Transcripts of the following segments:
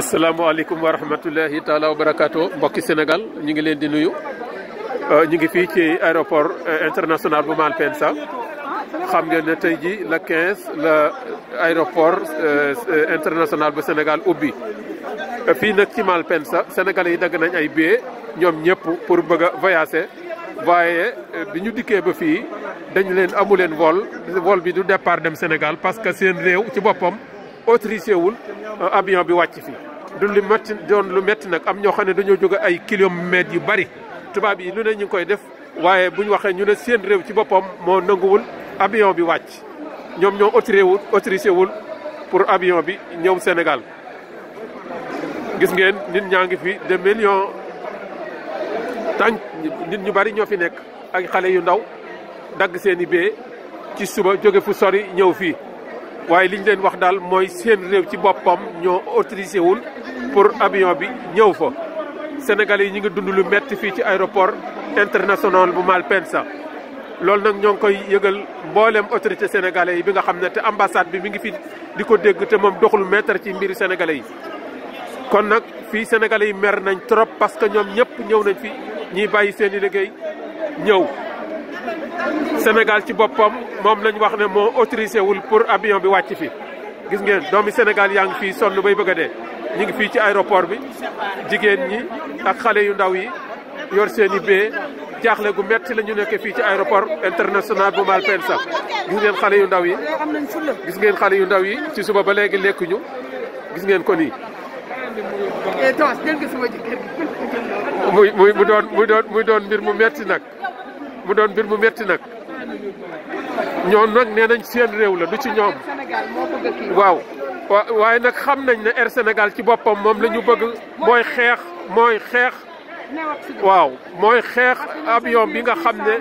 asalaamaaleykum wa rahmatullahi taala wa barakaatu mbokki senegal ñu ngi leen di nuyu euh, ñu ngi fii ci aéroport euh, international bu Malpensa xam ngeen ne tey jii la 15 la aéroport euh, international bu senegal ubbi fii nag ci Malpensa senegal yi dagg nañ ay billets ñoom ñëpp pour bëgg a voyager waaye bi ñu dikkee ba fii dañ leen amu leen vol bi du départ dem Sénégal parce que seen réew ci boppam. autorisé wul euh, avion bi wàcc fii du lu métti lu métti nag am ñoo xam ne dañoo jóge ay kilomètres yu bari tubaab yi lu ne ñu koy def waaye bu ñu waxee ñu ne seen réew ci boppam moo nanguwul avion bi wàcc ñoom ñoo autorisé wul autorisé wul pour avion bi ñëw Sénégal gis ngeen nit ñaa ngi fi des millions tànk nit ñu bari ñoo fi nekk ak xale yu ndaw dagg seeni i bee ci suba jóge fu sori ñëw fii waaye li ñu leen wax daal mooy seen réew ci boppam ñoo autorisé wul pour avion bi ñëw fa. Sénégal yi ñu ngi dund lu metti fii ci aéroport international bu Malpensa loolu nag ñoo ngi koy yëgal mboolem autorité sénégalais yi bi nga xam ne te ambassade bi mi ngi fi di ko dégg te moom doxul mètre ci mbiri sénégalais yi. kon nag fii sénégalais yi mer nañ trop parce que ñoom ñëpp ñëw nañ fi ñuy bàyyi seen i liggéey ñëw. senegal ci boppam moom lañu wax ne moo autorisé wul pour avion bi wàcc fi gis ngeen doomi Sénégal yaa ngi fii sonn bay bëgg de dee ñu ngi fii ci aéroport bi jigéen ñi ak xale yu ndaw yi yor seen i bee jaaxle gu metti la ñu nekk fii ci aéroport international bu Malpensa gis ngeen xale yu ndaw yi gis ngeen xale yu ndaw yi ci suba ba léegi lekkuñu gis ngeen ko nii eh, muy muy mu doon muy doon muy doon mbir mu metti nag mu doon mbir mu métti nag ñoo nag nee nañ seen réew la du ci ñoom waaw waaye nag xam nañ ne Air Sénégal ci boppam moom lañu bëgg mooy xeex mooy xeex waaw mooy xeex avion bi nga xam ne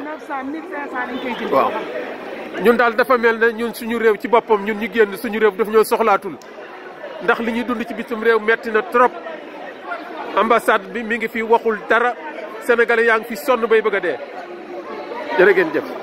waaw ñun daal dafa mel ne ñun suñu réew ci boppam ñun ñu génn suñu réew daf ñoo soxlaatul ndax li ñuy dund ci bitim réew metti na trop ambassade bi mi ngi fi waxul dara senegal yaa ngi fi sonn bay bëgg a dee jërë ngeen